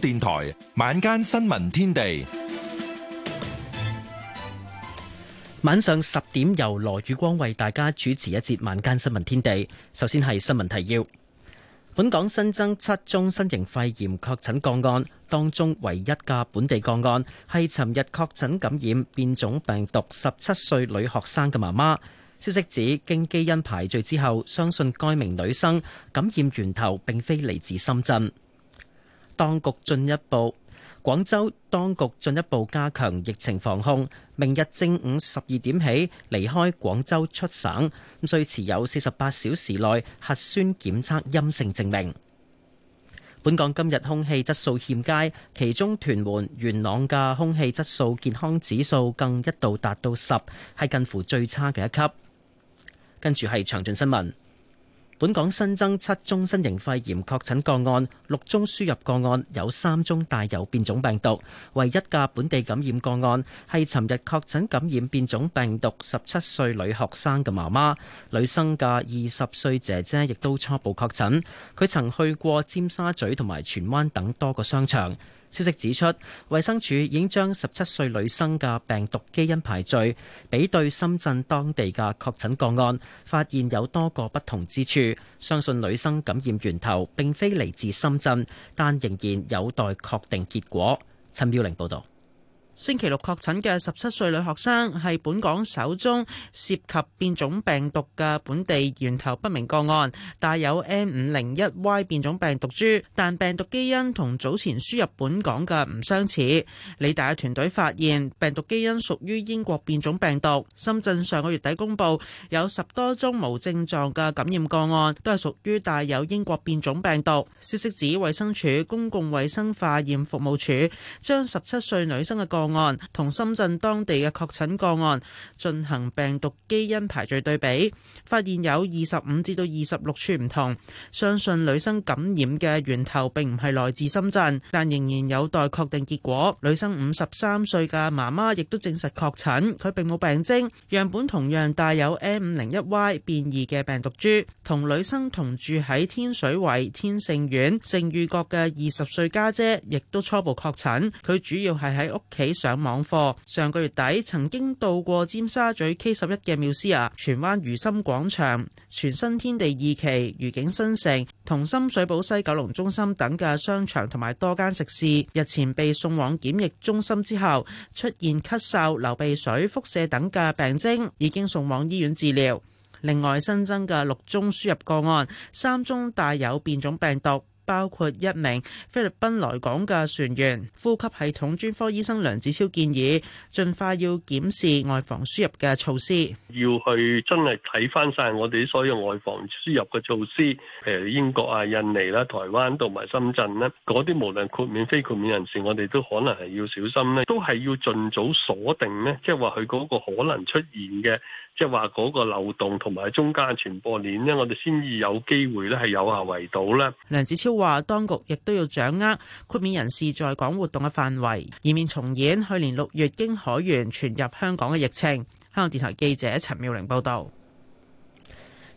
電台晚間新聞天地，晚上十點由羅宇光為大家主持一節晚間新聞天地。首先係新聞提要：本港新增七宗新型肺炎確診個案，當中唯一嘅本地個案係尋日確診感染變種病毒十七歲女學生嘅媽媽。消息指，經基因排序之後，相信該名女生感染源頭並非嚟自深圳。當局進一步，廣州當局進一步加強疫情防控。明日正午十二點起，離開廣州出省，咁需持有四十八小時內核酸檢測陰性證明。本港今日空氣質素欠佳，其中屯門、元朗嘅空氣質素健康指數更一度達到十，係近乎最差嘅一級。跟住係詳盡新聞。本港新增七宗新型肺炎確診個案，六宗輸入個案，有三宗帶有變種病毒。唯一嘅本地感染個案係尋日確診感染變種病毒十七歲女學生嘅媽媽，女生嘅二十歲姐姐亦都初步確診，佢曾去過尖沙咀同埋荃灣等多個商場。消息指出，衛生署已經將十七歲女生嘅病毒基因排序，比對深圳當地嘅確診個案，發現有多個不同之處，相信女生感染源頭並非嚟自深圳，但仍然有待確定結果。陳妙玲報導。星期六確診嘅十七歲女學生係本港首宗涉及變種病毒嘅本地源頭不明個案，帶有 N501Y 變種病毒株，但病毒基因同早前輸入本港嘅唔相似。理大嘅團隊發現病毒基因屬於英國變種病毒。深圳上個月底公布有十多宗無症狀嘅感染個案，都係屬於帶有英國變種病毒。消息指，衛生署公共衛生化驗服務處將十七歲女生嘅個案個案同深圳當地嘅確診個案進行病毒基因排序對比，發現有二十五至到二十六處唔同，相信女生感染嘅源頭並唔係來自深圳，但仍然有待確定結果。女生五十三歲嘅媽媽亦都證實確診，佢並冇病徵，樣本同樣帶有 M 五零一 Y 變異嘅病毒株。同女生同住喺天水圍天盛苑盛裕閣嘅二十歲家姐亦都初步確診，佢主要係喺屋企，上網課，上個月底曾經到過尖沙咀 K11 嘅 MUSEA、荃灣如心廣場、全新天地二期、愉景新城、同深水埗西九龍中心等嘅商場同埋多間食肆，日前被送往檢疫中心之後，出現咳嗽、流鼻水、腹瀉等嘅病徵，已經送往醫院治療。另外新增嘅六宗輸入個案，三宗帶有變種病毒。包括一名菲律賓來港嘅船員，呼吸系統專科醫生梁子超建議，盡快要檢視外防輸入嘅措施，要去真係睇翻晒我哋所有外防輸入嘅措施，譬如英國啊、印尼啦、台灣同埋深圳呢，嗰啲無論豁免非豁免人士，我哋都可能係要小心，都係要儘早鎖定呢，即係話佢嗰個可能出現嘅，即係話嗰個漏洞同埋中間傳播鏈呢，我哋先至有機會咧係有效圍堵。呢梁子超話，當局亦都要掌握豁免人士在港活動嘅範圍，以免重演去年六月經海員傳入香港嘅疫情。香港電台記者陳妙玲報道。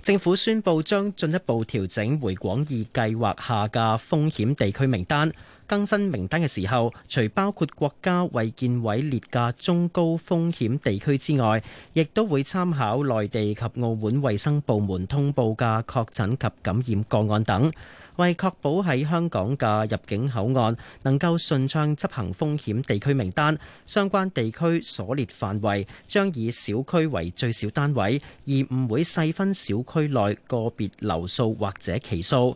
政府宣布將進一步調整回廣義計劃下嘅風險地區名單。更新名單嘅時候，除包括國家衛健委列嘅中高風險地區之外，亦都會參考內地及澳門衛生部門通報嘅確診及感染個案等。為確保喺香港嘅入境口岸能夠順暢執行風險地區名單，相關地區所列範圍將以小區為最小單位，而唔會細分小區內個別樓數或者期數。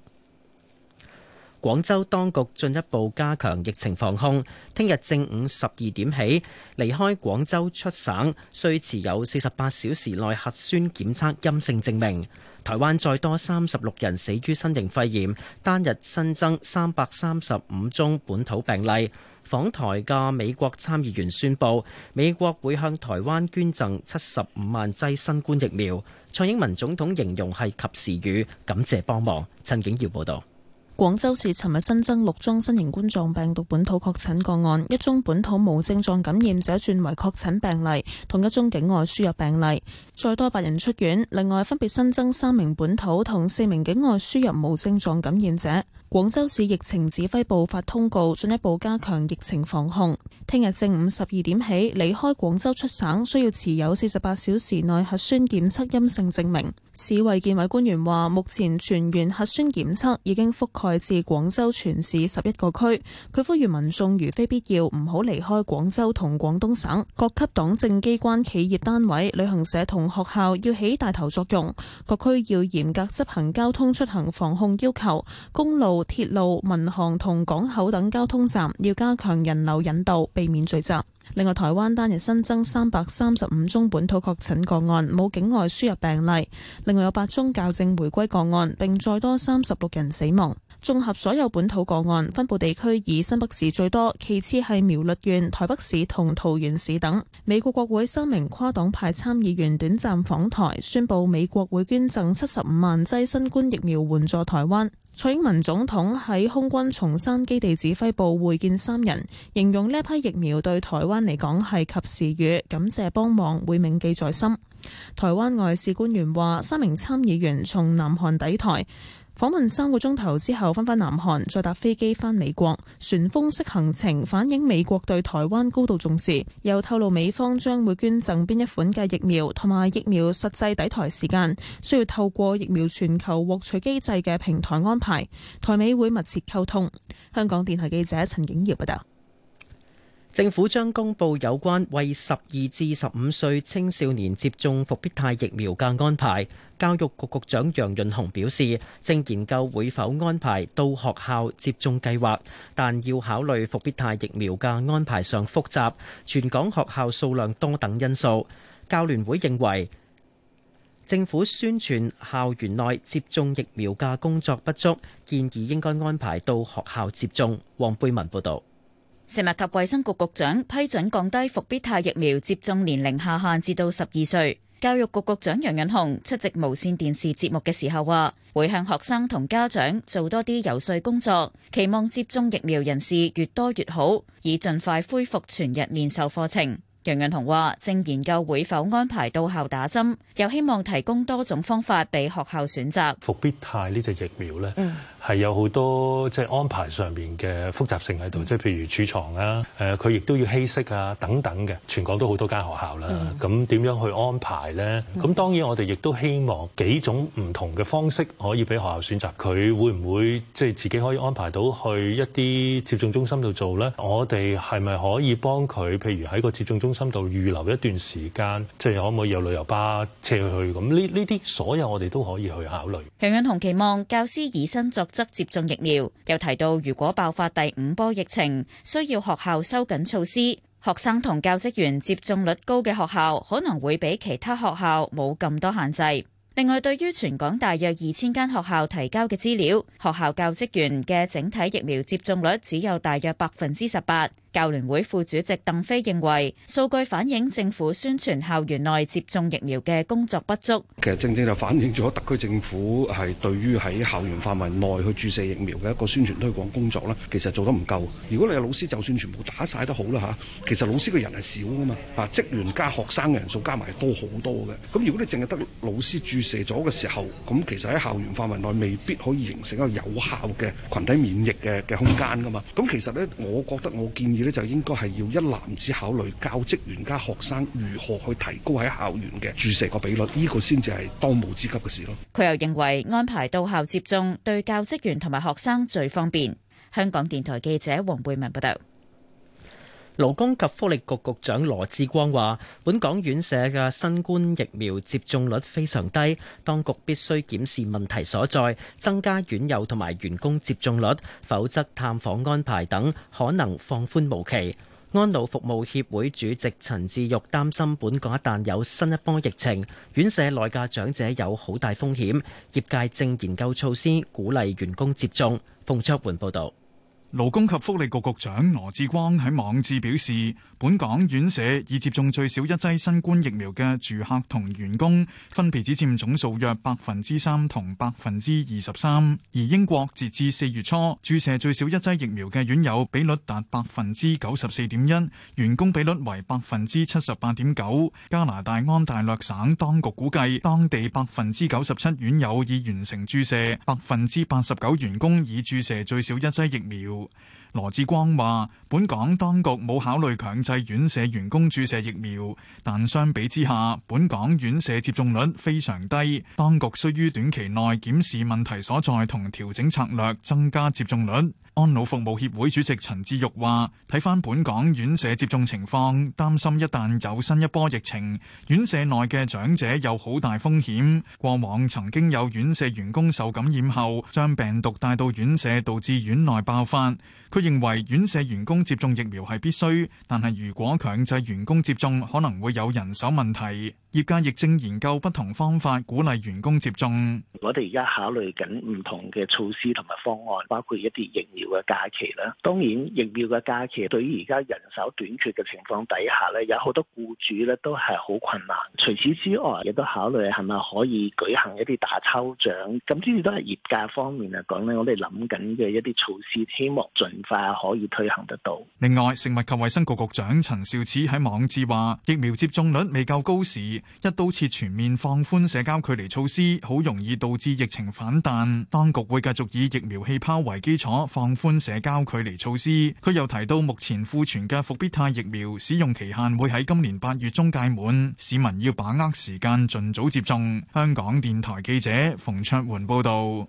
廣州當局進一步加強疫情防控，聽日正午十二點起離開廣州出省，需持有四十八小時內核酸檢測陰性證明。台灣再多三十六人死於新型肺炎，單日新增三百三十五宗本土病例。訪台嘅美國參議員宣布，美國會向台灣捐贈七十五萬劑新冠疫苗。蔡英文總統形容係及時雨，感謝幫忙。陳景耀報道。廣州市尋日新增六宗新型冠狀病毒本土確診個案，一宗本土無症狀感染者轉為確診病例，同一宗境外輸入病例，再多八人出院。另外分別新增三名本土同四名境外輸入無症狀感染者。廣州市疫情指揮部發通告，進一步加強疫情防控。聽日正午十二點起，離開廣州出省需要持有四十八小時內核酸檢測陰性證明。市衛健委官員話：目前全員核酸檢測已經覆蓋來自廣州全市十一個區，佢呼籲民眾如非必要唔好離開廣州同廣東省。各級黨政機關、企業單位、旅行社同學校要起帶頭作用。各區要嚴格執行交通出行防控要求，公路、鐵路、民航同港口等交通站要加強人流引導，避免聚集。另外，台灣單日新增三百三十五宗本土確診個案，冇境外輸入病例。另外有八宗校正回歸個案，並再多三十六人死亡。綜合所有本土個案，分布地區以新北市最多，其次係苗栗縣、台北市同桃園市等。美國國會三名跨黨派參議員短暫訪台，宣布美國會捐贈七十五萬劑新冠疫苗援助台灣。蔡英文總統喺空軍松山基地指揮部會見三人，形容呢批疫苗對台灣嚟講係及時雨，感謝幫忙會銘記在心。台灣外事官員話：三名參議員從南韓抵台。訪問三個鐘頭之後，返返南韓，再搭飛機返美國，旋風式行程反映美國對台灣高度重視。又透露美方將會捐贈邊一款嘅疫苗，同埋疫苗實際抵台時間需要透過疫苗全球獲取機制嘅平台安排，台美會密切溝通。香港電台記者陳景瑤報道。政府將公布有關為十二至十五歲青少年接種復必泰疫苗嘅安排。教育局局長楊潤雄表示，正研究會否安排到學校接種計劃，但要考慮復必泰疫苗嘅安排上複雜、全港學校數量多等因素。教聯會認為政府宣傳校園內接種疫苗嘅工作不足，建議應該安排到學校接種。黃貝文報導。食物及衛生局局長批准降低復必泰疫苗接種年齡下限至到十二歲。教育局局長楊潤雄出席無線電視節目嘅時候話：會向學生同家長做多啲游說工作，期望接種疫苗人士越多越好，以盡快恢復全日面授課程。楊潤雄話：正研究會否安排到校打針，又希望提供多種方法俾學校選擇。復必泰呢隻疫苗咧，係、嗯、有好多即係、就是、安排上面嘅複雜性喺度，即係譬如儲藏啊，誒、呃，佢亦都要稀釋啊等等嘅。全港都好多間學校啦，咁、嗯、點樣去安排咧？咁、嗯、當然我哋亦都希望幾種唔同嘅方式可以俾學校選擇。佢會唔會即係、就是、自己可以安排到去一啲接種中心度做咧？我哋係咪可以幫佢，譬如喺個接種中？中心度預留一段時間，即係可唔可以有旅遊巴車去咁？呢呢啲所有我哋都可以去考慮。楊潤雄期望教師以身作則接種疫苗，又提到如果爆發第五波疫情，需要學校收緊措施。學生同教職員接種率高嘅學校，可能會比其他學校冇咁多限制。另外，對於全港大約二千間學校提交嘅資料，學校教職員嘅整體疫苗接種率只有大約百分之十八。教聯會副主席鄧飛認為，數據反映政府宣傳校園內接種疫苗嘅工作不足。其實正正就反映咗特區政府係對於喺校園範圍內去注射疫苗嘅一個宣傳推廣工作咧，其實做得唔夠。如果你嘅老師就算全部打晒都好啦嚇，其實老師嘅人係少噶嘛，啊職員加學生嘅人數加埋多好多嘅。咁如果你淨係得老師注注射咗嘅時候，咁其實喺校園範圍內未必可以形成一個有效嘅群體免疫嘅嘅空間噶嘛。咁其實咧，我覺得我建議咧就應該係要一攬子考慮教職員加學生如何去提高喺校園嘅注射個比率，呢個先至係當務之急嘅事咯。佢又認為安排到校接種對教職員同埋學生最方便。香港電台記者黃貝文報道。勞工及福利局局長羅志光話，本港院舍嘅新冠疫苗接種率非常低，當局必須檢視問題所在，增加院友同埋員工接種率，否則探訪安排等可能放寬無期。安老服務協會主席陳志玉擔心，本港一旦有新一波疫情，院舍內嘅長者有好大風險。業界正研究措施，鼓勵員工接種。馮卓煥報道。勞工及福利局局長羅致光喺網誌表示。本港院舍已接種最少一劑新冠疫苗嘅住客同員工，分別只佔總數約百分之三同百分之二十三。而英國截至四月初，注射最少一劑疫苗嘅院友比率達百分之九十四點一，員工比率為百分之七十八點九。加拿大安大略省當局估計當地百分之九十七院友已完成注射，百分之八十九員工已注射最少一劑疫苗。羅志光話：本港當局冇考慮強制院舍員工注射疫苗，但相比之下，本港院舍接種率非常低。當局需於短期內檢視問題所在同調整策略，增加接種率。安老服務協會主席陳志玉話：睇返本港院舍接種情況，擔心一旦有新一波疫情，院舍內嘅長者有好大風險。過往曾經有院舍員工受感染後，將病毒帶到院舍，導致院內爆發。認為院舍員工接種疫苗係必須，但係如果強制員工接種，可能會有人手問題。業界亦正研究不同方法鼓勵員工接種。我哋而家考慮緊唔同嘅措施同埋方案，包括一啲疫苗嘅假期啦。當然，疫苗嘅假期對於而家人手短缺嘅情況底下咧，有好多僱主咧都係好困難。除此之外，亦都考慮係咪可以舉行一啲打抽獎。咁呢啲都係業界方面嚟講咧，我哋諗緊嘅一啲措施，希望盡快可以推行得到。另外，食物及衞生局局長陳肇始喺網誌話：疫苗接種率未夠高時。一刀切全面放寬社交距離措施，好容易導致疫情反彈。當局會繼續以疫苗氣泡為基礎放寬社交距離措施。佢又提到，目前庫存嘅復必泰疫苗使用期限會喺今年八月中屆滿，市民要把握時間盡早接種。香港電台記者馮卓媛報道。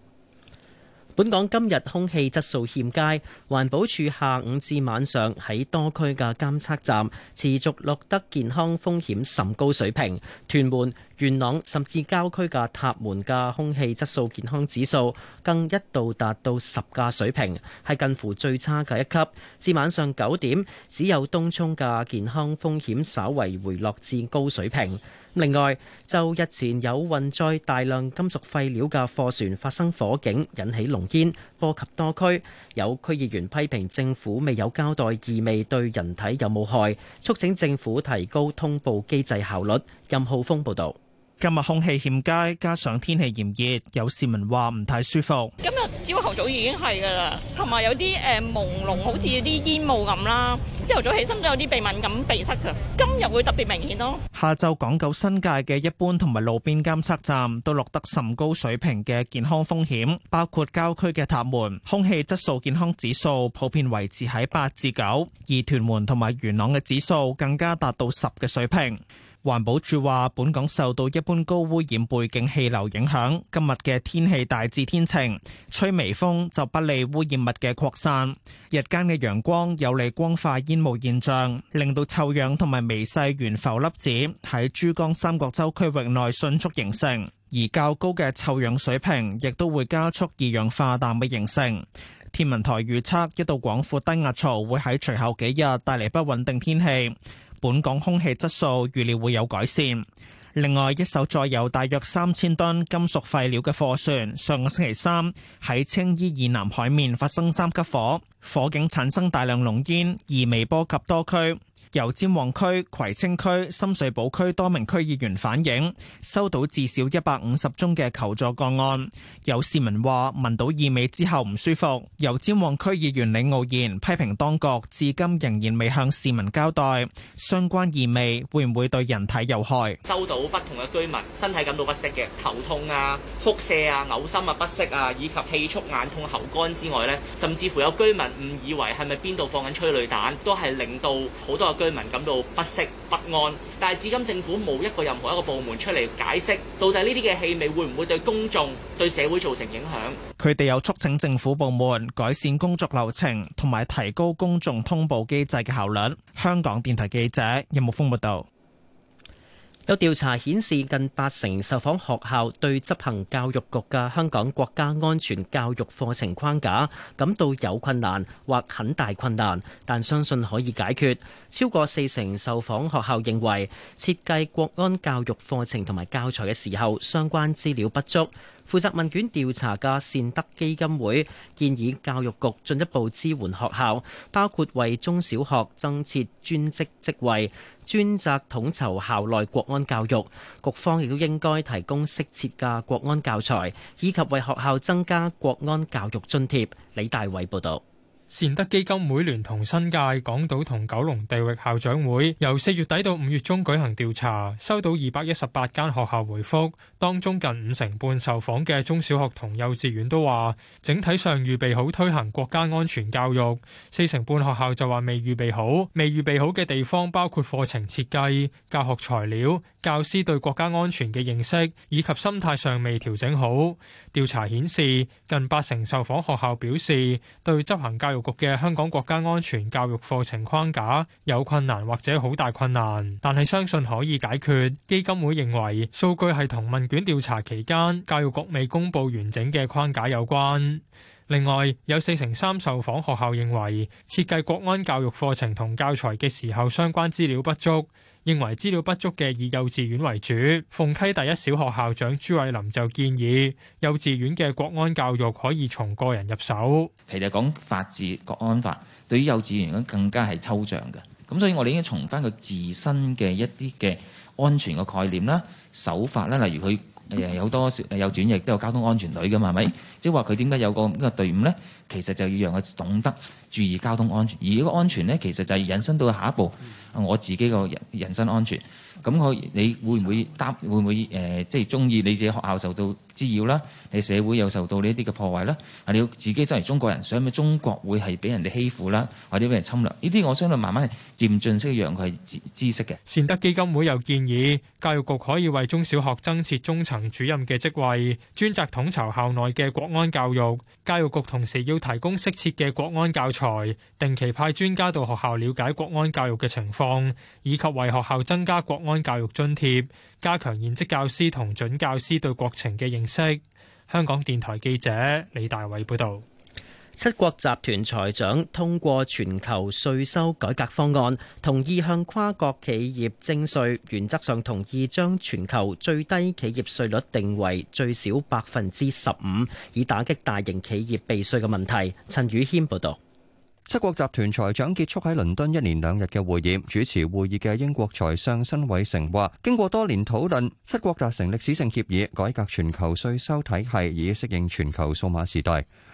本港今日空氣質素欠佳，環保署下午至晚上喺多區嘅監測站持續錄得健康風險甚高水平。屯門、元朗甚至郊區嘅塔門嘅空氣質素健康指數更一度達到十級水平，係近乎最差嘅一級。至晚上九點，只有東涌嘅健康風險稍為回落至高水平。另外，就日前有運載大量金屬廢料嘅貨船發生火警，引起濃煙波及多區，有區議員批評政府未有交代異味對人體有冇害，促請政府提高通報機制效率。任浩峰報導。今日空氣欠佳，加上天氣炎熱，有市民話唔太舒服。今日朝頭早已經係噶啦，同埋有啲誒、呃、朦朧，好似有啲煙霧咁啦。朝頭早起身都有啲鼻敏感、鼻塞噶。今日會特別明顯咯、哦。下晝港九新界嘅一般同埋路邊監測站都落得甚高水平嘅健康風險，包括郊區嘅塔門空氣質素健康指數普遍維持喺八至九，而屯門同埋元朗嘅指數更加達到十嘅水平。環保署話，本港受到一般高污染背景氣流影響，今日嘅天氣大致天晴，吹微風就不利污染物嘅擴散。日間嘅陽光有利光化煙霧現象，令到臭氧同埋微細懸浮粒子喺珠江三角洲區域內迅速形成，而較高嘅臭氧水平亦都會加速二氧化氮嘅形成。天文台預測，一道廣闊低壓槽會喺隨後幾日帶嚟不穩定天氣。本港空氣質素預料會有改善。另外，一艘載有大約三千噸金屬廢料嘅貨船，上個星期三喺青衣以南海面發生三級火，火警產生大量濃煙，而微波及多區。由尖旺區、葵青區、深水埗區多名區議員反映，收到至少一百五十宗嘅求助個案。有市民話聞到異味之後唔舒服。由尖旺區議員李傲然批評當局至今仍然未向市民交代相關異味會唔會對人體有害。收到不同嘅居民身體感到不適嘅頭痛啊、腹瀉啊、嘔心啊、不適啊，以及氣促、眼痛、喉乾之外呢，甚至乎有居民誤以為係咪邊度放緊催淚彈，都係令到好多嘅居居民感到不適不安，但係至今政府冇一個任何一個部門出嚟解釋，到底呢啲嘅氣味會唔會對公眾對社會造成影響，佢哋有促請政府部門改善工作流程，同埋提高公眾通報機制嘅效率。香港電台記者任木峰報道。有調查顯示，近八成受訪學校對執行教育局嘅香港國家安全教育課程框架感到有困難或很大困難，但相信可以解決。超過四成受訪學校認為設計國安教育課程同埋教材嘅時候，相關資料不足。負責問卷調查嘅善德基金會建議教育局進一步支援學校，包括為中小學增設專職職位，專責統籌校內國安教育。局方亦都應該提供適切嘅國安教材，以及為學校增加國安教育津貼。李大偉報導。善德基金會聯同新界港島同九龍地域校長會，由四月底到五月中舉行調查，收到二百一十八間學校回覆，當中近五成半受訪嘅中小學同幼稚園都話，整體上預備好推行國家安全教育；四成半學校就話未預備好，未預備好嘅地方包括課程設計、教學材料、教師對國家安全嘅認識以及心態上未調整好。調查顯示，近八成受訪學校表示對執行教育。局嘅香港國家安全教育課程框架有困難或者好大困難，但係相信可以解決。基金會認為，數據係同問卷調查期間教育局未公布完整嘅框架有關。另外，有四成三受訪學校認為，設計國安教育課程同教材嘅時候，相關資料不足。認為資料不足嘅以幼稚園為主，鳳溪第一小學校長朱偉林就建議，幼稚園嘅國安教育可以從個人入手。其實講法治、國安法，對於幼稚園更加係抽象嘅。咁所以我哋應該從翻佢自身嘅一啲嘅安全嘅概念啦、手法啦，例如佢誒有多少幼稚園亦都有交通安全隊噶嘛，係咪？即係話佢點解有個咁嘅隊伍呢？其實就要讓佢懂得注意交通安全，而呢個安全呢，其實就係引申到下一步。我自己個人人身安全，咁我你會唔會擔？會唔會誒即係鍾意你自己學校受到滋擾啦？你社會又受到呢啲嘅破壞啦？係你要自己真係中國人，想以咪中國會係俾人哋欺負啦，或者俾人侵略？呢啲我相信慢慢漸進式讓佢係知知識嘅。善德基金會又建議教育局可以為中小學增設中層主任嘅職位，專責統籌校內嘅國安教育。教育局同時要提供適切嘅國安教材，定期派專家到學校了解國安教育嘅情況。以及為學校增加國安教育津貼，加強現職教師同準教師對國情嘅認識。香港電台記者李大偉報道。七國集團財長通過全球稅收改革方案，同意向跨國企業徵稅，原則上同意將全球最低企業稅率定為最少百分之十五，以打擊大型企業避稅嘅問題。陳宇謙報道。七國集團財長結束喺倫敦一年兩日嘅會議，主持會議嘅英國財相辛偉誠話，經過多年討論，七國達成歷史性協議，改革全球稅收體系，以適應全球數碼時代。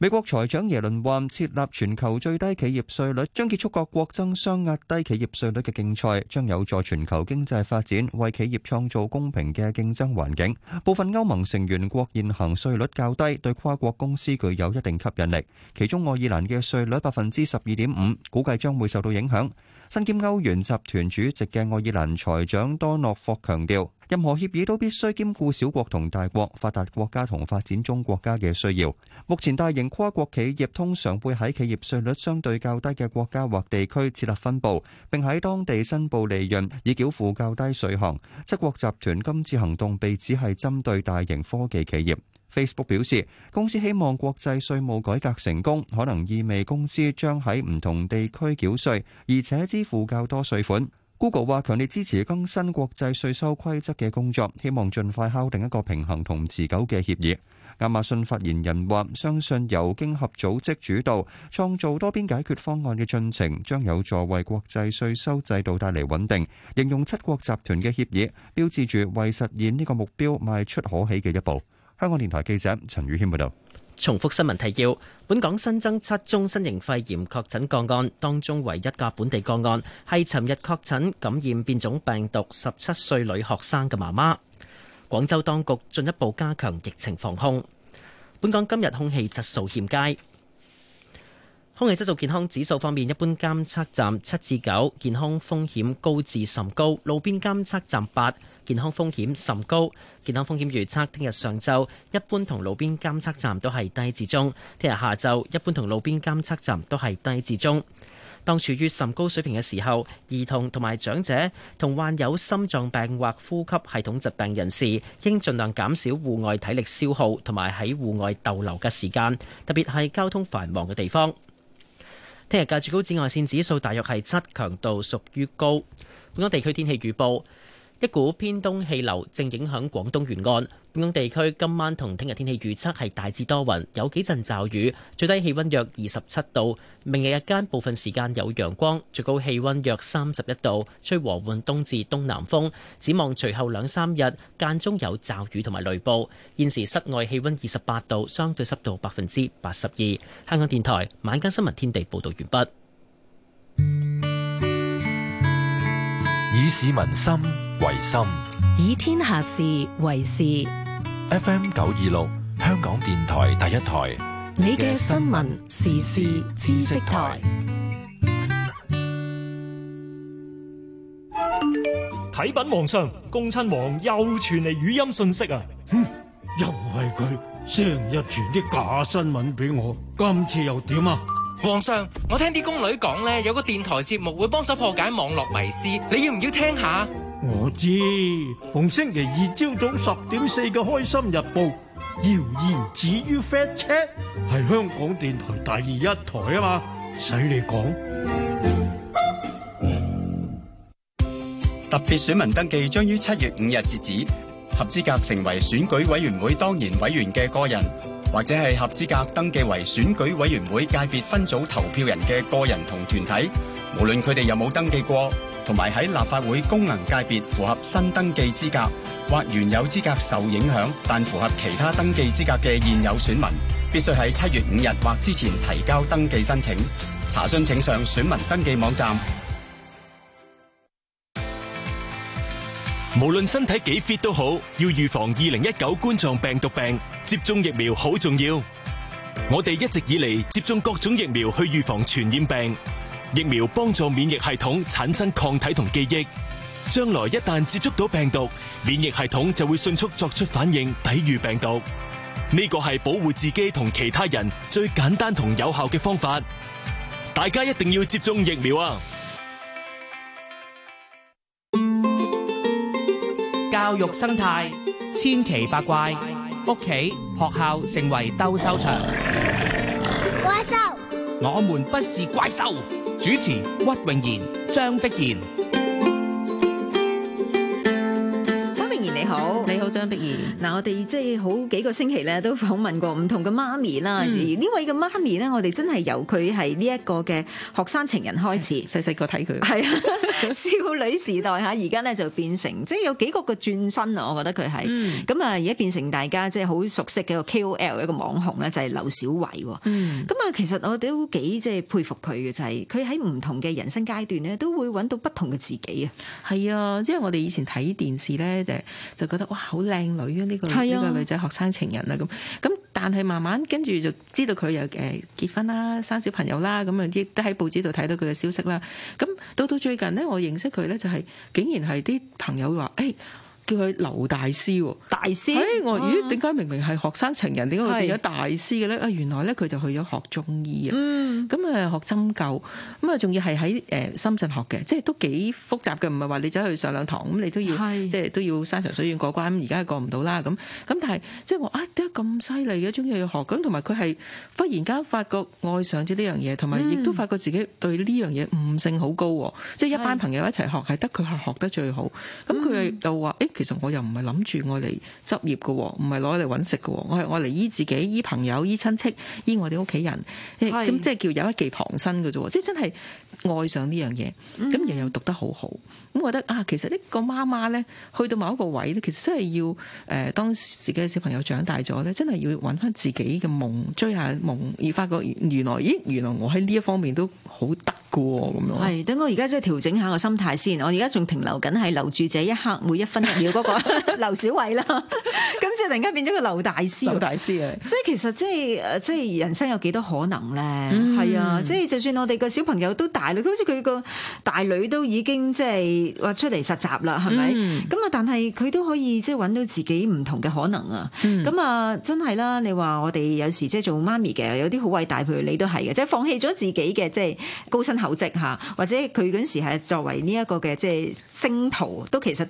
美國財長耶倫話：設立全球最低企業稅率，將結束各國爭相壓低企業稅率嘅競賽，將有助全球經濟發展，為企業創造公平嘅競爭環境。部分歐盟成員國現行稅率較低，對跨國公司具有一定吸引力。其中愛爾蘭嘅稅率百分之十二點五，估計將會受到影響。身兼歐元集團主席嘅愛爾蘭財長多諾霍強調，任何協議都必須兼顧小國同大國、發達國家同發展中國家嘅需要。目前大型跨國企業通常會喺企業稅率相對較低嘅國家或地區設立分部，並喺當地申報利潤，以繳付較低稅項。七國集團今次行動被指係針對大型科技企業。Facebook 表示，公司希望國際稅務改革成功，可能意味公司將喺唔同地區繳稅，而且支付較多稅款。Google 話，強烈支持更新國際稅收規則嘅工作，希望盡快敲定一個平衡同持久嘅協議。亞馬遜發言人話，相信由經合組織主導創造多邊解決方案嘅進程，將有助為國際稅收制度帶嚟穩定，形容七國集團嘅協議標誌住為實現呢個目標，邁出可喜嘅一步。香港電台記者陳宇謙報道。重複新聞提要，本港新增七宗新型肺炎確診個案，當中唯一一個本地個案係尋日確診感染變種病毒十七歲女學生嘅媽媽。廣州當局進一步加強疫情防控。本港今日空氣質素欠佳，空氣質素健康指數方面，一般監測站七至九，健康風險高至甚高，路邊監測站八。健康風險甚高，健康風險預測聽日上晝一般同路邊監測站都係低至中，聽日下晝一般同路邊監測站都係低至中。當處於甚高水平嘅時候，兒童同埋長者同患有心臟病或呼吸系統疾病人士，應盡量減少戶外體力消耗同埋喺戶外逗留嘅時間，特別係交通繁忙嘅地方。聽日嘅最高紫外線指數大約係七，強度屬於高。本港地區天氣預報。一股偏東氣流正影響廣東沿岸，本港地區今晚同聽日天氣預測係大致多雲，有幾陣驟雨，最低氣温約二十七度。明日日間部分時間有陽光，最高氣温約三十一度，吹和緩東至東南風。展望隨後兩三日，間中有驟雨同埋雷暴。現時室外氣温二十八度，相對濕度百分之八十二。香港電台晚間新聞天地報道完畢。以市民心，為心以天下事為事。F. M. 九二六香港電台第一台，你嘅新聞時事知識台。啟稟皇上，恭親王又傳嚟語音信息啊！哼、嗯，又係佢成日傳啲假新聞俾我，今次又點啊？皇上，我聽啲宮女講咧，有個電台節目會幫手破解網絡迷思，你要唔要聽下？我知逢星期二朝早十點四嘅《開心日報》，謠言止於 fact check，係香港電台第二一台啊嘛，使你講特別選民登記將於七月五日截止，合資格成為選舉委員會當然委員嘅個人，或者係合資格登記為選舉委員會界別分組投票人嘅個人同團體，無論佢哋有冇登記過。同埋喺立法會功能界別符合新登記資格或原有資格受影響，但符合其他登記資格嘅現有選民，必須喺七月五日或之前提交登記申請。查詢請上選民登記網站。無論身體幾 fit 都好，要預防二零一九冠狀病毒病，接種疫苗好重要。我哋一直以嚟接種各種疫苗去預防傳染病。疫苗幫助免疫系統產生抗體同記憶，將來一旦接觸到病毒，免疫系統就會迅速作出反應抵禦病毒。呢個係保護自己同其他人最簡單同有效嘅方法。大家一定要接種疫苗啊！教育生態千奇百怪，屋企、學校成為鬥獸場。怪獸，我們不是怪獸。主持屈永賢、張碧然，屈永賢你好，你好張碧然。嗱、嗯，我哋即係好幾個星期咧，都訪問過唔同嘅媽咪啦。而呢位嘅媽咪咧，我哋真係由佢係呢一個嘅學生情人開始，細細個睇佢。係啊。 少女時代吓，而家咧就變成即係有幾個個轉身啊！我覺得佢係咁啊，而、嗯、家變成大家即係好熟悉嘅一個 K O L 一個網紅咧，就係、是、劉小慧。咁、嗯、啊，其實我哋都幾即係佩服佢嘅，就係佢喺唔同嘅人生階段咧，都會揾到不同嘅自己啊！係啊，即係我哋以前睇電視咧，就就覺得哇，好靚女、這個、啊！呢個呢個女仔學生情人啊咁咁，但係慢慢跟住就知道佢又誒結婚啦、生小朋友啦，咁啊，亦都喺報紙度睇到佢嘅消息啦。咁到到最近呢。我認識佢咧、就是，就係竟然係啲朋友話，誒叫佢劉大師喎、哦，大師，哎、我咦，點解明明係學生情人，點解會變咗大師嘅咧？原來咧佢就去咗學中醫啊，咁、嗯、啊學針灸，咁啊仲要係喺誒深圳學嘅，即係都幾複雜嘅，唔係話你走去上兩堂，咁你都要即係都要山長水遠過關，而家過唔到啦，咁咁但係即係我啊點解咁犀利嘅中醫要學？咁同埋佢係忽然間發覺愛上咗呢樣嘢，同埋亦都發覺自己對呢樣嘢悟性好高，嗯、即係一班朋友一齊學，係得佢係學得最好。咁、嗯、佢又話誒。欸其實我又唔係諗住我嚟執業嘅，唔係攞嚟揾食嘅，我係我嚟醫自己、醫朋友、醫親戚、醫我哋屋企人，咁即係叫有一技傍身嘅啫。即係真係愛上呢樣嘢，咁、嗯、又有讀得好好，咁我覺得啊，其實呢個媽媽呢，去到某一個位咧，其實真係要誒、呃，當自己嘅小朋友長大咗呢，真係要揾翻自己嘅夢，追下夢，而發覺原來咦，原來我喺呢一方面都好得。過咁樣，係等我而家即係調整下個心態先。我而家仲停留緊係留住這一刻每一分一秒嗰個劉 小偉啦，咁即係突然間變咗個劉大師。劉大師啊！即係其實即係誒，即係人生有幾多可能咧？係、嗯、啊，即係就算我哋個小朋友都大啦，好似佢個大女都已經即係話出嚟實習啦，係咪？咁、嗯、啊，但係佢都可以即係搵到自己唔同嘅可能啊！咁、嗯、啊，真係啦。你話我哋有時即係做媽咪嘅，有啲好偉大，譬如你都係嘅，即係放棄咗自己嘅即係高薪。口職吓，或者佢嗰時係作為呢一個嘅即係星途，都其實。